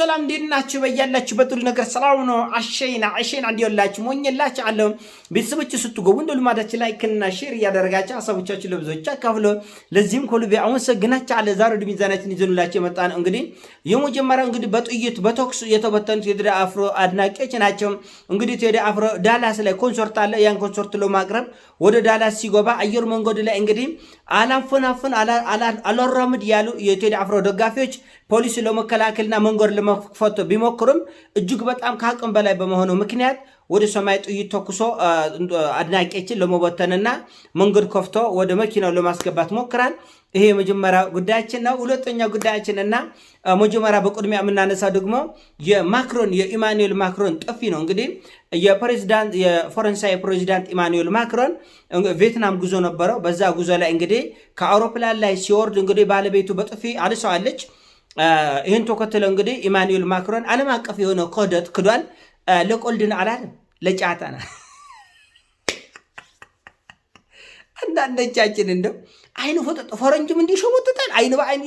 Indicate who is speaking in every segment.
Speaker 1: ሰላም እንዴት ናችሁ? በያላችሁበት ሁሉ ነገር ሰላም ነው። አሸይና አሸይና እንዲወላችሁ ሞኝላችሁ አለ ቤተሰቦች ስትገቡ እንደ ልማዳችን ላይክና ሼር እያደረጋችሁ ሀሳቦቻችን ለብዙዎች አካፍሎ ለዚህም ከልቤ አመሰግናችሁ አለ። ዛሬ ወደ ሚዛናችን የመጣ ነው። እንግዲህ የመጀመሪያው እንግዲህ በጥይት በተኩስ የተበተኑት ቴዲ አፍሮ አድናቂዎች ናቸው። እንግዲህ ቴዲ አፍሮ ዳላስ ላይ ኮንሰርት አለ። ያን ኮንሰርት ለማቅረብ ወደ ዳላስ ሲገባ አየር መንገዱ ላይ እንግዲህ አላፈናፍን አላራምድ ያሉ የቴዲ አፍሮ ደጋፊዎች ፖሊሱን ለመከላከልና መንገድ ለመክፈት ቢሞክርም እጅግ በጣም ከአቅም በላይ በመሆኑ ምክንያት ወደ ሰማይ ጥይት ተኩሶ አድናቂዎችን ለመበተንና መንገድ ከፍቶ ወደ መኪናው ለማስገባት ሞክራል። ይሄ የመጀመሪያ ጉዳያችን ነው። ሁለተኛ ጉዳያችን እና መጀመሪያ በቅድሚያ የምናነሳው ደግሞ የማክሮን የኢማኑኤል ማክሮን ጥፊ ነው። እንግዲህ የፕሬዚዳንት የፈረንሳይ ፕሬዚዳንት ኢማኑኤል ማክሮን ቪየትናም ጉዞ ነበረው። በዛ ጉዞ ላይ እንግዲህ ከአውሮፕላን ላይ ሲወርድ እንግዲህ ባለቤቱ በጥፊ አልሰዋለች። ይህን ተከትሎ እንግዲህ ኢማኑኤል ማክሮን ዓለም አቀፍ የሆነ ክህደት ክዷል። ለቆልድን አላለም፣ ለጫታ ለጫታና አንዳንዶቻችን እንደው አይን ፈጠጥ ፈረንጅም እንዲህ ይሸመጥጣል፣ አይን በአይን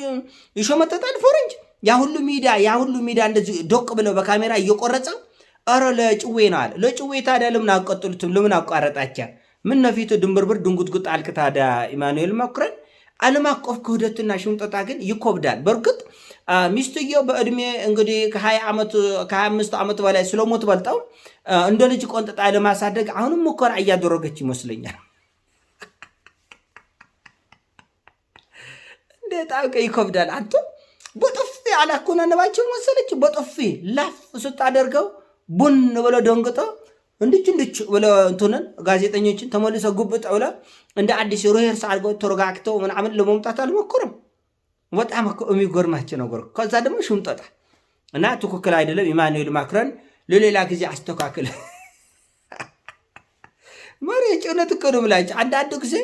Speaker 1: ይሸመጥጣል ፈረንጅ። ያ ሁሉ ሚዲያ ያ ሁሉ ሚዲያ እንደዚህ ዶቅ ብለው በካሜራ እየቆረጸ ኧረ ለጭዌ ነው አለ። ለጭዌ ታዲያ ለምን አቀጥሉትም? ለምን አቋረጣቸ? ምን ነፊቱ ድንብርብር ድንጉጥጉጥ አልክ። ታዲያ ኢማኑኤል ማክሮን ዓለም አቀፍ ክህደትና ሽምጠጣ ግን ይኮብዳል በእርግጥ ሚስትየው በዕድሜ እንግዲህ ከ25 ዓመት በላይ ስለምትበልጠው እንደ ልጅ ቆንጥጣ ለማሳደግ አሁንም ሙከራ እያደረገች ይመስለኛል። እንዴት አውቀ ይከብዳል። አንተ በጥፊ አላኮናነባቸው መሰለች። በጥፊ ላፍ ስታደርገው ቡን ብሎ ደንግጦ እንድች እንድች ብሎ እንትንን ጋዜጠኞችን ተመልሰው ጉብጥ ብሎ እንደ አዲስ ሩሄርስ አድርገው ተረጋግተው ምናምን ለመምጣት አልሞክርም። በጣም የሚጎርማቸው ነገር ከዛ ደግሞ ሽምጠጣ እና ትክክል አይደለም። ኢማኑኤል ማክረን ለሌላ ጊዜ አስተካክል መሪዎች እውነት እኮ ነው አንዳንድ ጊዜ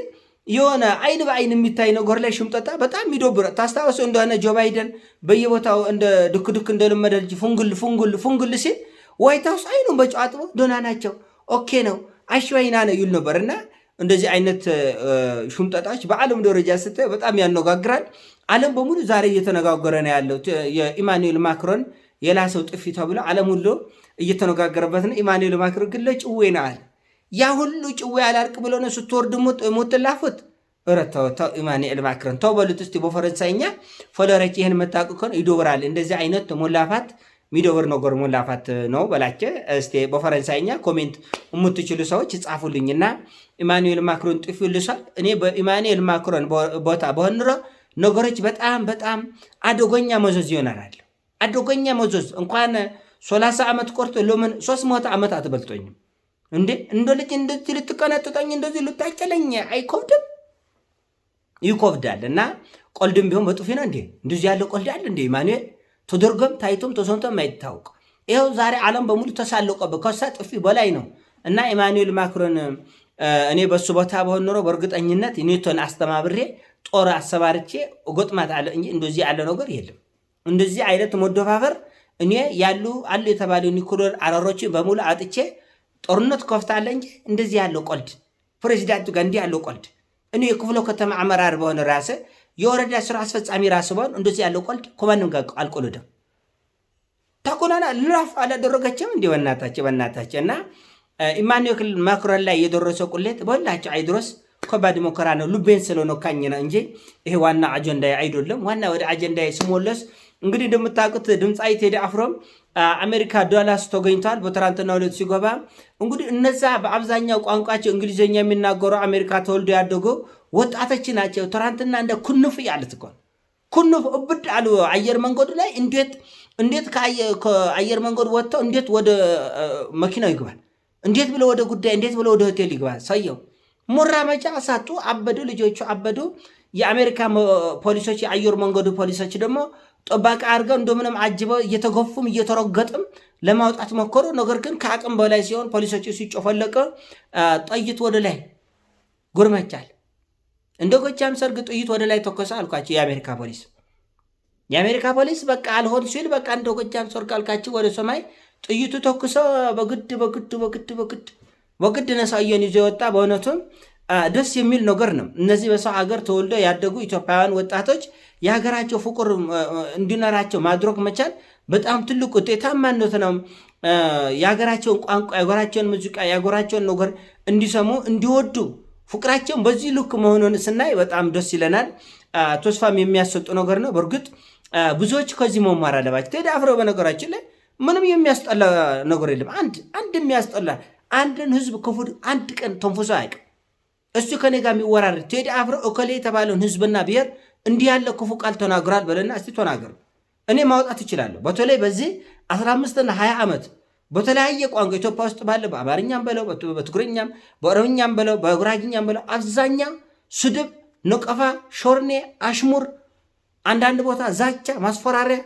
Speaker 1: የሆነ አይን በአይን የሚታይ ነገር ላይ ሽምጠጣ በጣም ይዶብረ። ታስታውሱ እንደሆነ ጆ ባይደን በየቦታው እንደ ድክድክ ድክ እንደለመደ ልጅ ፉንግል ፉንግል ፉንግል ሲል ዋይት ሀውስ አይኑን በጨዋጥቦ ዶና ናቸው ኦኬ ነው አሽዋይና ነው ይል ነበር እና እንደዚህ አይነት ሹምጠጣች በዓለም ደረጃ ስታይ በጣም ያነጋግራል። ዓለም በሙሉ ዛሬ እየተነጋገረ ነው ያለው። የኢማኑኤል ማክሮን የላሰው ጥፊ ተብሎ ዓለም ሁሉ እየተነጋገረበት ነው። ኢማኑኤል ማክሮን ግን ለጭዌ ነው አለ። ያ ሁሉ ጭዌ አላልቅ ብሎ ነው ስትወርድ ሞትላፉት ላፉት ረተወታው ኢማኑኤል ማክሮን ተው በሉት እስቲ በፈረንሳይኛ ፎለረች ይህን መታወቅ እኮ ይዶብራል። እንደዚህ አይነት ሞላፋት ሚደወር ነገር ሞላፋት ነው በላቸ። እስቲ በፈረንሳይኛ ኮሜንት የምትችሉ ሰዎች ጻፉልኝና ኢማኑኤል ማክሮን ጥፊ ልሷል። እኔ በኢማኑኤል ማክሮን ቦታ በሆንሮ ነገሮች በጣም በጣም አደገኛ መዘዝ ይሆናል። አደገኛ መዘዝ እንኳን ሰላሳ ዓመት ቆርቶ ሎምን ሶስት መቶ ዓመት አትበልጦኝም እንዴ! እንደ ልጅ እንደዚህ ልትቀነጥጠኝ እንደዚህ ልታጨለኝ አይከብድም? ይከብዳል። እና ቆልድም ቢሆን በጥፊ ነው እንዴ? እንደዚህ ያለ ቆልድ አለ እንዴ ኢማኑኤል ተደርጎም ታይቶም ተሰምቶም አይታወቅ። ይኸው ዛሬ ዓለም በሙሉ ተሳለቀበት ከሳ ጥፊ በላይ ነው እና ኢማኑኤል ማክሮን እኔ በሱ ቦታ በሆን ኖሮ በእርግጠኝነት ኔቶን አስተማብሬ ጦር አሰባርቼ ጎጥማት አለ እንጂ እንደዚህ ያለ ነገር የለም። እንደዚህ አይነት መደፋፈር እኔ ያሉ አሉ የተባሉ ኒኩሌር አረሮችን በሙሉ አጥቼ ጦርነት ከፍታለ እንጂ እንደዚህ ያለው ቆልድ ፕሬዚዳንቱ ጋር እንዲህ ያለው ቆልድ እኔ የክፍለ ከተማ አመራር በሆነ ራሴ የወረዳ ስራ አስፈጻሚ ራሱ በሆን እንደዚህ ያለው ቀልድ ከማንም ጋር አልቆልድም። ተኮናና ልራፍ አላደረገችም እንዲ በናታቸው በናታቸው እና ኢማኒዮ ክልል ማክሮን ላይ የደረሰ ቁሌት በሁላቸው አይድሮስ ከባድ መከራ ነው። ልቤን ካኝ ነው እንጂ ይሄ ዋና አጀንዳ አይደለም። ዋና ወደ አጀንዳ ስሞለስ እንግዲህ እንደምታውቁት ድምፃዊ ቴዲ አፍሮም አሜሪካ ዳላስ ተገኝቷል። በትናንትናው ሁለት ሲገባ እንግዲህ እነዛ በአብዛኛው ቋንቋቸው እንግሊዝኛ የሚናገሩ አሜሪካ ተወልዶ ያደገው ወጣቶች ናቸው። ትናንትና እንደ ኩንፍ ያሉት እኮ ኩንፍ እብድ አሉ። አየር መንገዱ ላይ እንዴት እንዴት ከአየር መንገዱ ወጥተው እንዴት ወደ መኪናው ይግባል? እንዴት ብሎ ወደ ጉዳይ፣ እንዴት ብሎ ወደ ሆቴል ይግባል? ሰየው መራመጃ አሳጡ። አበዱ፣ ልጆቹ አበዱ። የአሜሪካ ፖሊሶች፣ የአየር መንገዱ ፖሊሶች ደግሞ ጠባቂ አድርገው እንደምንም አጅበው እየተገፉም እየተረገጥም ለማውጣት ሞከሩ። ነገር ግን ከአቅም በላይ ሲሆን ፖሊሶች ሲጮፈለቀ ጠይት ወደ ላይ ጎርመቻል። እንደ ጎጃም ሰርግ ጥይት ወደ ላይ ተኮሰ አልኳቸው የአሜሪካ ፖሊስ። የአሜሪካ ፖሊስ በቃ አልሆን ሲል በቃ እንደ ጎጃም ሰርግ አልኳቸው ወደ ሰማይ ጥይቱ ተኩሰ በግድ በግድ በግድ በግድ በግድ ነሳየን ይዞ የወጣ። በእውነቱም ደስ የሚል ነገር ነው። እነዚህ በሰው ሀገር ተወልደው ያደጉ ኢትዮጵያውያን ወጣቶች የሀገራቸው ፍቅር እንዲኖራቸው ማድረግ መቻል በጣም ትልቅ ውጤታማነት ነው። የሀገራቸውን ቋንቋ፣ የሀገራቸውን ሙዚቃ፣ የሀገራቸውን ነገር እንዲሰሙ እንዲወዱ ፍቅራቸውን በዚህ ልክ መሆኑን ስናይ በጣም ደስ ይለናል። ተስፋም የሚያሰጡ ነገር ነው። በእርግጥ ብዙዎች ከዚህ መማር አለባቸው። ቴዲ አፍሮ በነገራችን ላይ ምንም የሚያስጠላ ነገር የለም። አንድ አንድ የሚያስጠላ አንድን ህዝብ ክፉ አንድ ቀን ተንፍሶ አያውቅም። እሱ ከኔ ጋር የሚወራር ቴዲ አፍሮ እከሌ የተባለውን ህዝብና ብሔር እንዲህ ያለ ክፉ ቃል ተናግሯል በለና እስቲ ተናገር። እኔ ማውጣት እችላለሁ። በተለይ በዚህ 15ና 20 ዓመት በተለያየ ቋንቋ ኢትዮጵያ ውስጥ ባለ በአማርኛም በለው በትግርኛም በኦሮምኛም በለው በጉራጊኛም በለው አብዛኛ ስድብ፣ ነቀፋ፣ ሾርኔ፣ አሽሙር፣ አንዳንድ ቦታ ዛቻ፣ ማስፈራሪያ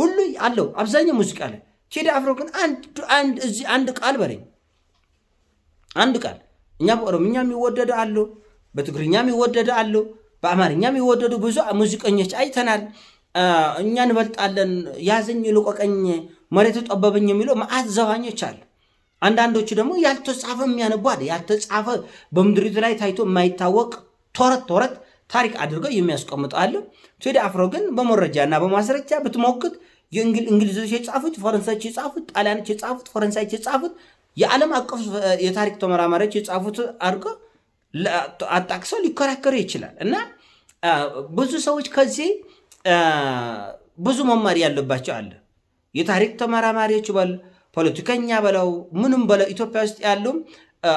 Speaker 1: ሁሉ አለው። አብዛኛው ሙዚቃ ላይ ቴዲ አፍሮ ግን አንድ ቃል በለኝ አንድ ቃል እኛ በኦሮምኛም ይወደዱ አሉ፣ በትግርኛም ይወደዱ አሉ፣ በአማርኛም ይወደዱ ብዙ ሙዚቀኞች አይተናል። እኛ እንበልጣለን ያዘኝ ልቆቀኝ መሬት ጠበበኝ የሚለው መዓት ዘባኞች አሉ። አንዳንዶቹ ደግሞ ያልተጻፈ የሚያነቡ አለ። ያልተጻፈ በምድሪቱ ላይ ታይቶ የማይታወቅ ተረት ተረት ታሪክ አድርገው የሚያስቀምጡ አለ። ቴዲ አፍሮ ግን በመረጃ እና በማስረጃ ብትሞክት እንግሊዞች የጻፉት፣ ፈረንሳዮች የጻፉት፣ ጣሊያኖች የጻፉት፣ ፈረንሳዮች የጻፉት፣ የዓለም አቀፍ የታሪክ ተመራማሪዎች የጻፉት አድርገ አጣቅሰው ሊከራከሩ ይችላል እና ብዙ ሰዎች ከዚህ ብዙ መማር ያለባቸው አለ። የታሪክ ተመራማሪዎች በል ፖለቲከኛ በለው ምንም በለው ኢትዮጵያ ውስጥ ያሉ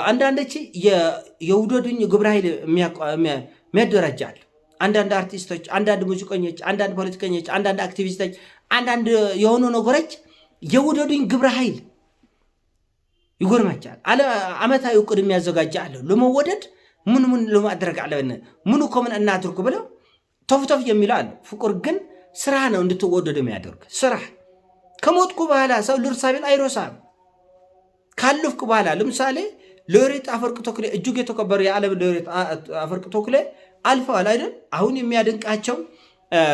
Speaker 1: አንዳንዶች የውደዱኝ ግብረ ኃይል የሚያደራጃል አንዳንድ አርቲስቶች፣ አንዳንድ ሙዚቀኞች፣ አንዳንድ ፖለቲከኞች፣ አንዳንድ አክቲቪስቶች፣ አንዳንድ የሆኑ ነገሮች የውደዱኝ ግብረ ኃይል ይጎርማቻል። አመታዊ እቅድ የሚያዘጋጀ አለ። ለመወደድ ምን ምን ለማድረግ አለብን፣ ምኑ ከምን እናድርጉ ብለው ተፍተፍ የሚለው አለ። ፍቁር ግን ስራ ነው እንድትወደዱ የሚያደርግ ስራ ከሞትኩ በኋላ ሰው ልርሳቤን አይረሳም። ካለፍኩ በኋላ ለምሳሌ ሎሬት አፈወርቅ ተክሌ እጅግ የተከበሩ የዓለም ሎሬት አፈወርቅ ተክሌ አልፈዋል አይደል? አሁን የሚያደንቃቸው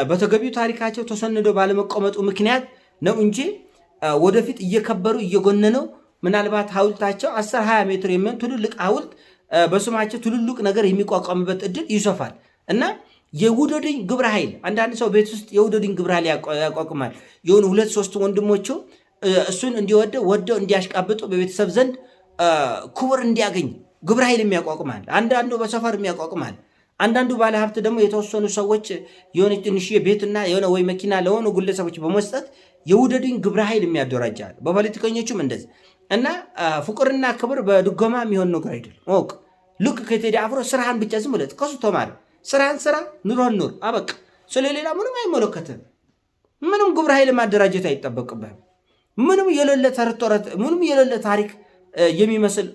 Speaker 1: በተገቢው ታሪካቸው ተሰንዶ ባለመቀመጡ ምክንያት ነው እንጂ ወደፊት እየከበሩ እየጎነነው ምናልባት ሐውልታቸው 10 20 ሜትር የሚሆን ትልልቅ ሐውልት በስማቸው ትልልቅ ነገር የሚቋቋምበት እድል ይሰፋል እና የውደዱኝ ግብረ ኃይል አንዳንድ ሰው ቤት ውስጥ የውደዱኝ ግብረ ኃይል ያቋቁማል። የሆኑ ሁለት ሶስት ወንድሞቹ እሱን እንዲወደ ወደው እንዲያሽቃብጡ በቤተሰብ ዘንድ ክቡር እንዲያገኝ ግብረ ኃይል የሚያቋቁማል። አንዳንዱ በሰፈር የሚያቋቁማል። አንዳንዱ ባለሀብት ደግሞ የተወሰኑ ሰዎች የሆነ ትንሽ ቤትና የሆነ ወይ መኪና ለሆኑ ግለሰቦች በመስጠት የውደዱኝ ግብረ ኃይል የሚያደራጃል። በፖለቲከኞቹም እንደዚህ እና ፍቅርና ክብር በድጎማ የሚሆን ነገር አይደለም። ወቅ ልክ ከቴዲ አፍሮ ስራህን ብቻ ዝም ብለህ ከሱ ተማር። ስራህን ስራ፣ ኑሮህን ኑር። አበቃ። ስለሌላ ምንም አይመለከትም። ምንም ግብረ ኃይል ማደራጀት አይጠበቅብህም። ምንም የሌለ ተረቶረት ምንም የሌለ ታሪክ የሚመስል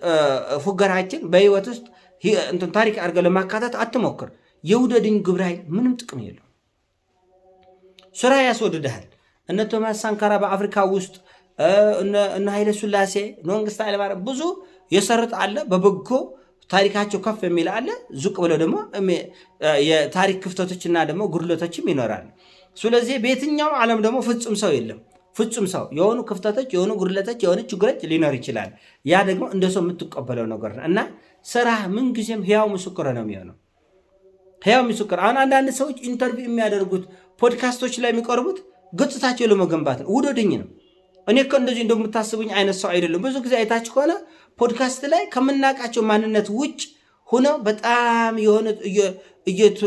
Speaker 1: ፉገራችን በህይወት ውስጥ እንትን ታሪክ አድርገህ ለማካተት አትሞክር። የውደድኝ ግብረ ኃይል ምንም ጥቅም የለው። ስራ ያስወድድሃል። እነ ቶማስ ሳንካራ በአፍሪካ ውስጥ እነ ኃይለ ሥላሴ መንግስት ኃይለማርያም ብዙ የሰርጥ አለ በበጎ ታሪካቸው ከፍ የሚል አለ። ዙቅ ብለው ደግሞ የታሪክ ክፍተቶችና ደግሞ ጉድለቶችም ይኖራሉ። ስለዚህ በየትኛው ዓለም ደግሞ ፍጹም ሰው የለም። ፍጹም ሰው የሆኑ ክፍተቶች፣ የሆኑ ጉድለቶች፣ የሆኑ ችግሮች ሊኖር ይችላል። ያ ደግሞ እንደ ሰው የምትቀበለው ነገር ነው እና ስራ ምንጊዜም ህያው ምስክር ነው የሚሆነው። ህያው ምስክር። አሁን አንዳንድ ሰዎች ኢንተርቪው የሚያደርጉት ፖድካስቶች ላይ የሚቀርቡት ገጽታቸው ለመገንባት ነው። ውደድኝ ነው እኔ እኮ እንደዚህ እንደምታስቡኝ አይነት ሰው አይደለም። ብዙ ጊዜ አይታች ከሆነ ፖድካስት ላይ ከምናውቃቸው ማንነት ውጭ ሆኖ በጣም የሆነ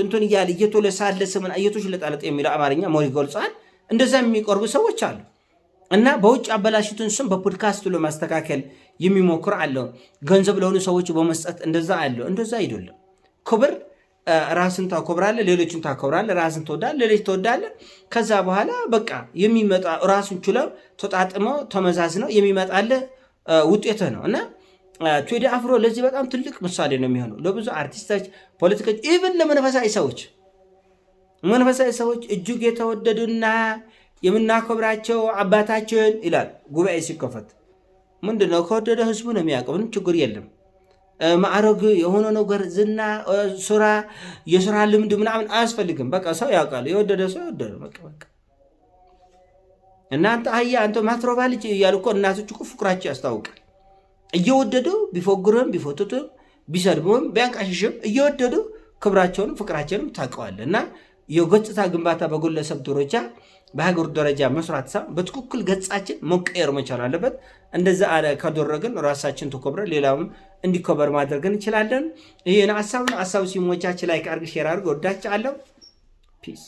Speaker 1: እንትን እያለ እየተለሳለሰ ምን እየተሽለጣለጠ የሚለው አማርኛ ሞሪ ገልጿል። እንደዛ የሚቆርቡ ሰዎች አሉ እና በውጭ አበላሽቱን ስም በፖድካስቱ ለማስተካከል የሚሞክር አለው። ገንዘብ ለሆኑ ሰዎች በመስጠት እንደዛ አለው። እንደዛ አይደለም ክብር ራስን ታኮብራለ፣ ሌሎችን ታኮብራለ፣ ራስን ትወዳለህ፣ ሌሎች ትወዳለህ። ከዛ በኋላ በቃ የሚመጣ ራሱን ችለው ተጣጥመው ተመዛዝነው የሚመጣለ ውጤት ነው እና ቴዲ አፍሮ ለዚህ በጣም ትልቅ ምሳሌ ነው የሚሆነው ለብዙ አርቲስቶች፣ ፖለቲከኞች፣ ኢቭን ለመንፈሳዊ ሰዎች መንፈሳዊ ሰዎች እጅግ የተወደዱና የምናከብራቸው አባታችን ይላል። ጉባኤ ሲከፈት ምንድነው? ከወደደ ህዝቡ ነው የሚያውቀው። ምንም ችግር የለም። ማዕረግ የሆነ ነገር ዝና፣ ስራ፣ የስራ ልምድ ምናምን አያስፈልግም። በቃ ሰው ያውቃል። የወደደ ሰው የወደደ በቃ እናንተ አያ አንተ ማትረባ ልጅ እያሉ እኮ እናቶች እኮ ፍቅራቸው ያስታውቃል። እየወደዱ ቢፎግርም ቢፎትትም ቢሰድብም ቢያንቃሽሽም እየወደዱ ክብራቸውንም ፍቅራቸውንም ታውቀዋል። እና የገጽታ ግንባታ በግለሰብ ደረጃ በሀገር ደረጃ መስራት ሳ በትክክል ገጻችን መቀየር መቻል አለበት። እንደዛ ካደረግን ራሳችን ተኮብረን ሌላውም እንዲኮበር ማድረግ እንችላለን። ይህን ሀሳብ ነው። ሀሳብ ሲሞቻችን ላይ አድርግ፣ ሼር አድርግ። ወዳች አለው ፒስ